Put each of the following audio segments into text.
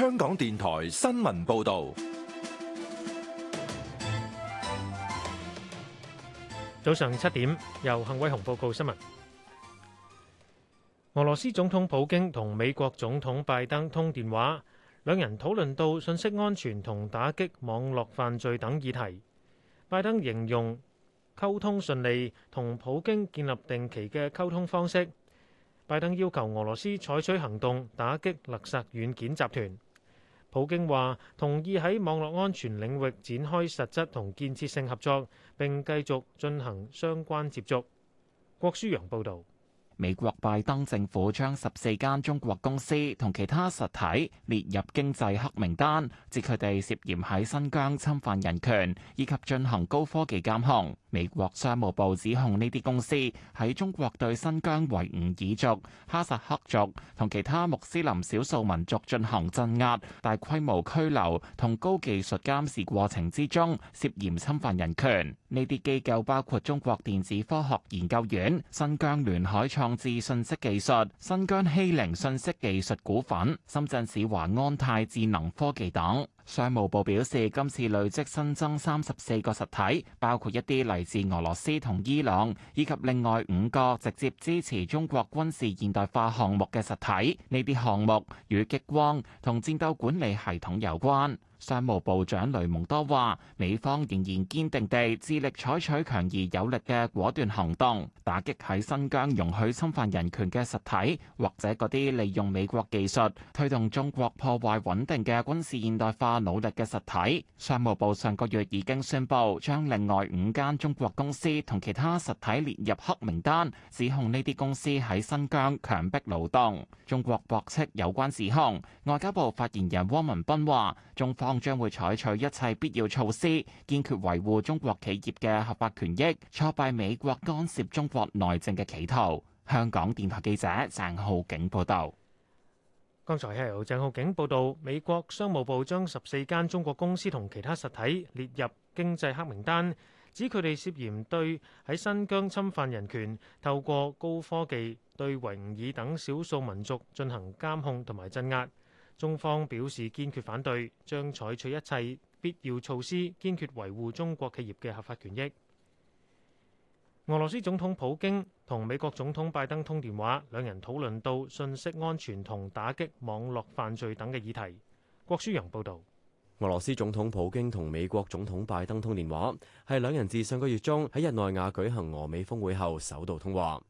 香港電台新聞報道，早上七點，由幸偉雄報告新聞。俄羅斯總統普京同美國總統拜登通電話，兩人討論到信息安全同打擊網絡犯罪等議題。拜登形容溝通順利，同普京建立定期嘅溝通方式。拜登要求俄羅斯採取行動打擊勒索軟件集團。普京話同意喺網絡安全領域展開實質同建設性合作，並繼續進行相關接觸。郭書陽報導。美國拜登政府將十四間中國公司同其他實體列入經濟黑名單，指佢哋涉嫌喺新疆侵犯人權以及進行高科技監控。美國商務部指控呢啲公司喺中國對新疆維吾爾族、哈薩克族同其他穆斯林少數民族進行鎮壓、大規模拘留同高技術監視過程之中涉嫌侵犯人權。呢啲機構包括中國電子科學研究院、新疆聯海創智信息技術、新疆希凌信息技術股份、深圳市華安泰智能科技等。商務部表示，今次累積新增三十四個實體，包括一啲嚟自俄羅斯同伊朗，以及另外五個直接支持中國軍事現代化項目嘅實體，呢啲項目與激光同戰鬥管理系統有關。商務部長雷蒙多話：美方仍然堅定地致力採取強而有力嘅果斷行動，打擊喺新疆容許侵犯人權嘅實體，或者嗰啲利用美國技術推動中國破壞穩定嘅軍事現代化努力嘅實體。商務部上個月已經宣布將另外五間中國公司同其他實體列入黑名單，指控呢啲公司喺新疆強迫勞動。中國駁斥有關指控，外交部發言人汪文斌話：中方。將會採取一切必要措施，堅決維護中國企業嘅合法權益，挫敗美國干涉中國內政嘅企圖。香港電台記者鄭浩景報道。剛才係由鄭浩景報道，美國商務部將十四間中國公司同其他實體列入經濟黑名單，指佢哋涉嫌對喺新疆侵犯人權，透過高科技對維吾爾等少數民族進行監控同埋鎮壓。中方表示堅決反對，將採取一切必要措施，堅決維護中國企業嘅合法權益。俄羅斯總統普京同美國總統拜登通電話，兩人討論到信息安全同打擊網絡犯罪等嘅議題。郭書陽報導，俄羅斯總統普京同美國總統拜登通電話，係兩人自上個月中喺日內瓦舉行俄美峯會後首度通話。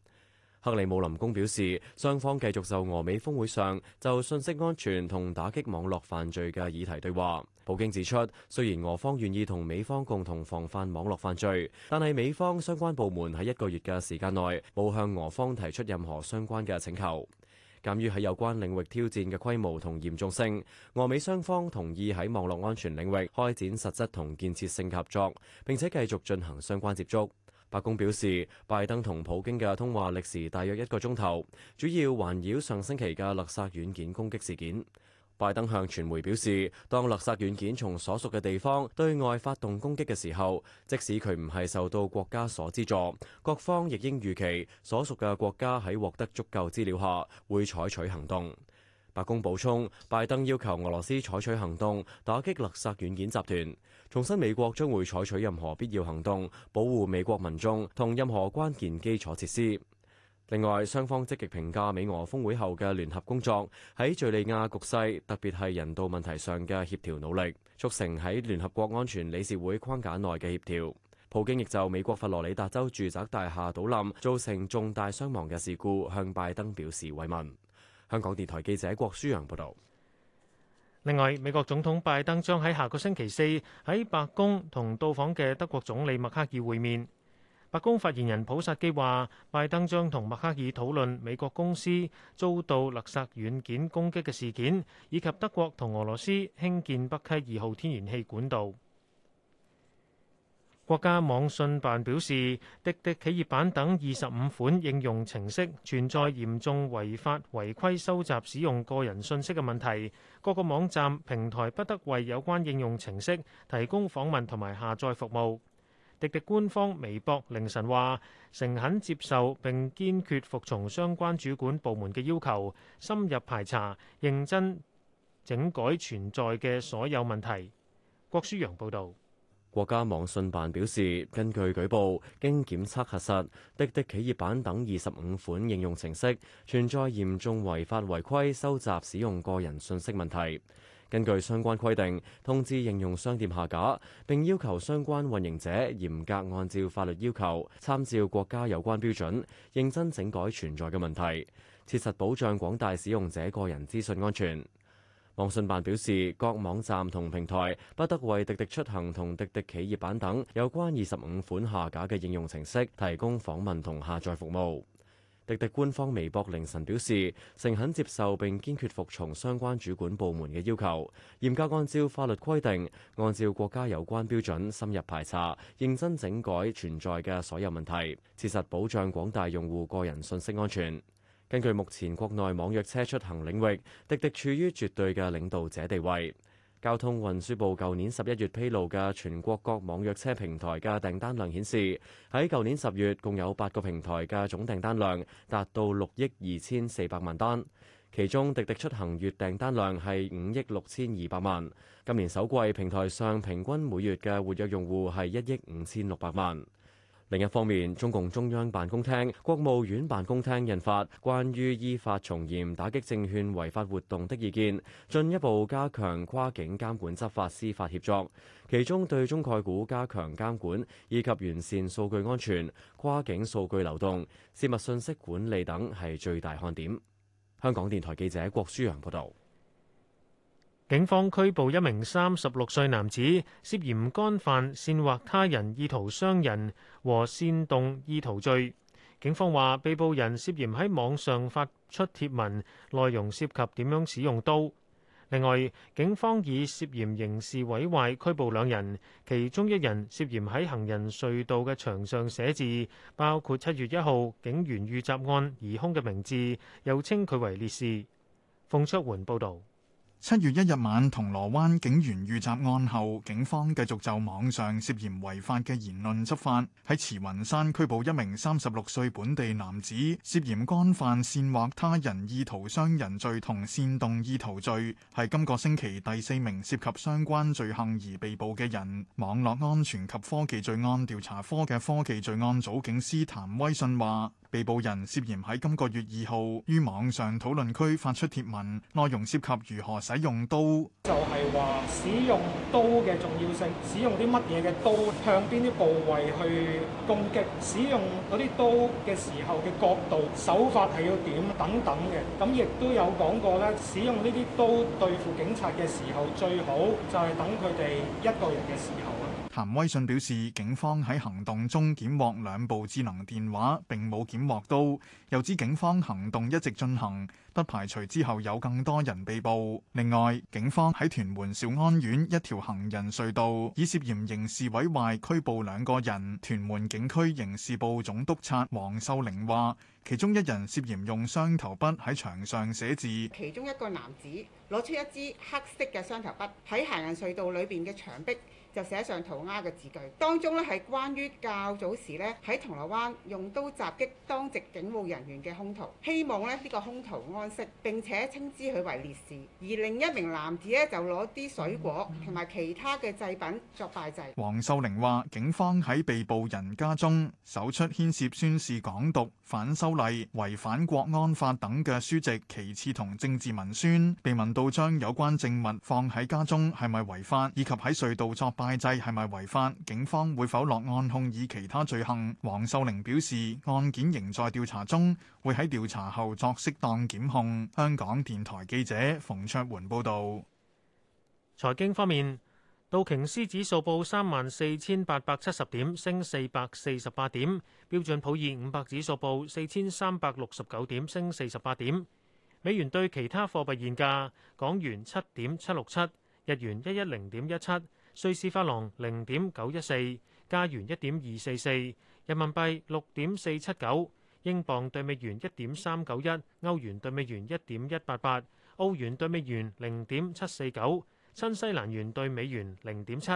克里姆林宮表示，雙方繼續就俄美峰會上就信息安全同打擊網絡犯罪嘅議題對話。普京指出，雖然俄方願意同美方共同防範網絡犯罪，但係美方相關部門喺一個月嘅時間內冇向俄方提出任何相關嘅請求。鑒於喺有關領域挑戰嘅規模同嚴重性，俄美雙方同意喺網絡安全領域開展實質同建設性合作，並且繼續進行相關接觸。白宮表示，拜登同普京嘅通話歷時大約一個鐘頭，主要環繞上星期嘅勒索軟件攻擊事件。拜登向傳媒表示，當勒索軟件從所屬嘅地方對外發動攻擊嘅時候，即使佢唔係受到國家所資助，各方亦應預期所屬嘅國家喺獲得足夠資料下會採取行動。白宮補充，拜登要求俄羅斯採取行動打擊勒索軟件集團，重申美國將會採取任何必要行動保護美國民眾同任何關鍵基礎設施。另外，雙方積極評價美俄峰會後嘅聯合工作喺敘利亞局勢，特別係人道問題上嘅協調努力，促成喺聯合國安全理事會框架內嘅協調。普京亦就美國佛羅里達州住宅大廈倒冧造成重大傷亡嘅事故，向拜登表示慰問。香港電台記者郭舒陽報道。另外，美國總統拜登將喺下個星期四喺白宮同到訪嘅德國總理默克爾會面。白宮發言人普薩基話，拜登將同默克爾討論美國公司遭到勒索軟件攻擊嘅事件，以及德國同俄羅斯興建北溪二號天然氣管道。國家網信辦表示，滴滴企業版等二十五款應用程式存在嚴重違法違規收集使用個人信息嘅問題，各個網站平台不得為有關應用程式提供訪問同埋下載服務。滴滴官方微博凌晨話：誠懇接受並堅決服從相關主管部門嘅要求，深入排查、認真整改存在嘅所有問題。郭書陽報導。國家網信辦表示，根據舉報，經檢測核實，滴滴企業版等二十五款應用程式存在嚴重違法違規收集使用個人信息問題。根據相關規定，通知應用商店下架，並要求相關運營者嚴格按照法律要求，參照國家有關標準，認真整改存在嘅問題，切實保障廣大使用者個人資訊安全。網信辦表示，各網站同平台不得為滴滴出行同滴滴企業版等有關二十五款下架嘅應用程式提供訪問同下載服務。滴滴官方微博凌晨表示，誠懇接受並堅決服從相關主管部門嘅要求，嚴格按照法律規定，按照國家有關標準深入排查，認真整改存在嘅所有問題，切實保障廣大用戶個人信息安全。根據目前國內網約車出行領域，滴滴處於絕對嘅領導者地位。交通運輸部舊年十一月披露嘅全國各網約車平台嘅訂單量顯示，喺舊年十月，共有八個平台嘅總訂單量達到六億二千四百萬單。其中滴滴出行月訂單量係五億六千二百萬。今年首季平台上平均每月嘅活躍用戶係一億五千六百萬。另一方面，中共中央辦公廳、國務院辦公廳印發《關於依法從嚴打擊證券違法活動的意見》，進一步加強跨境監管執法、司法協作。其中，對中概股加強監管，以及完善數據安全、跨境數據流動、涉密信息管理等，係最大看點。香港電台記者郭書陽報道。警方拘捕一名三十六歲男子，涉嫌干犯煽惑他人意圖傷人和煽動意圖罪。警方話，被捕人涉嫌喺網上發出貼文，內容涉及點樣使用刀。另外，警方以涉嫌刑事毀壞拘捕兩人，其中一人涉嫌喺行人隧道嘅牆上寫字，包括七月一號警員遇襲案疑凶嘅名字，又稱佢為烈士。馮卓桓報道。七月一日晚銅鑼灣警員遇襲案後，警方繼續就網上涉嫌違法嘅言論執法。喺慈雲山拘捕一名三十六歲本地男子，涉嫌干犯煽惑他人意圖傷人罪同煽動意圖罪，係今個星期第四名涉及相關罪行而被捕嘅人。網絡安全及科技罪案調查科嘅科技罪案組警司譚威信話，被捕人涉嫌喺今個月二號於網上討論區發出帖文，內容涉及如何用，使用刀，就係話使用刀嘅重要性，使用啲乜嘢嘅刀，向邊啲部位去攻擊，使用嗰啲刀嘅時候嘅角度、手法係要點等等嘅，咁亦都有講過咧。使用呢啲刀對付警察嘅時，時候，最好就係等佢哋一個人嘅時候。譚威信表示，警方喺行動中檢獲兩部智能電話，並冇檢獲刀。又指警方行動一直進行，不排除之後有更多人被捕。另外，警方喺屯門兆安苑一條行人隧道，以涉嫌刑事毀壞拘捕兩個人。屯門警區刑事部總督察黃秀玲話，其中一人涉嫌用雙頭筆喺牆上寫字，其中一個男子攞出一支黑色嘅雙頭筆喺行人隧道裏邊嘅牆壁就寫上塗鴉嘅字句，當中咧係關於較早時咧喺銅鑼灣用刀襲擊當值警務人員嘅兇徒，希望咧呢呢個兇徒安息並且稱之佢為烈士。而另一名男子咧就攞啲水果同埋其他嘅祭品作拜祭。黃秀玲話：警方喺被捕人家中搜出牽涉宣示港獨、反修例、違反國安法等嘅書籍、旗幟同政治文宣，被問到將有關證物放喺家中係咪違法，以及喺隧道作拜祭係咪違法？警方會否落案控以其他罪行？黃秀玲表示，案件仍在調查中，會喺調查後作適當檢控。香港電台記者馮卓桓報導。財經方面，道瓊斯指數報三萬四千八百七十點，升四百四十八點；標準普爾五百指數報四千三百六十九點，升四十八點。美元對其他貨幣現價：港元七點七六七，日元一一零點一七。瑞士法郎零點九一四，加元一點二四四，人民幣六點四七九，英鎊兌美元一點三九一，歐元兌美元一點一八八，澳元兌美元零點七四九，新西蘭元兌美元零點七。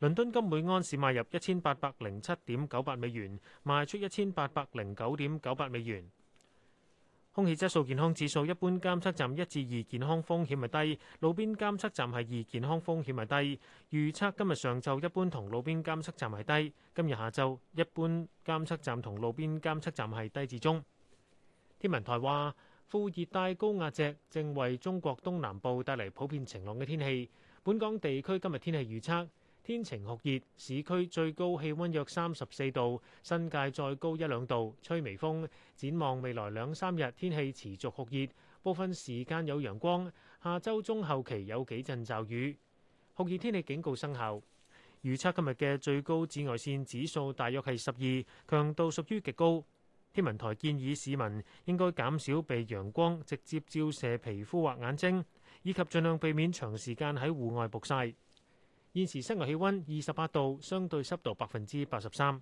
倫敦金每安士賣入一千八百零七點九八美元，賣出一千八百零九點九八美元。空氣質素健康指數一般監測站一至二健康風險係低，路邊監測站係二健康風險係低。預測今日上晝一般同路邊監測站係低，今日下晝一般監測站同路邊監測站係低至中。天文台話，副熱帶高壓脊正為中國東南部帶嚟普遍晴朗嘅天氣。本港地區今日天氣預測。天晴酷熱，市區最高氣溫約三十四度，新界再高一兩度，吹微風。展望未來兩三日，天氣持續酷熱，部分時間有陽光。下週中後期有幾陣驟雨，酷熱天氣警告生效。預測今日嘅最高紫外線指數大約係十二，強度屬於極高。天文台建議市民應該減少被陽光直接照射皮膚或眼睛，以及盡量避免長時間喺戶外曝曬。現時室外氣溫二十八度，相對濕度百分之八十三。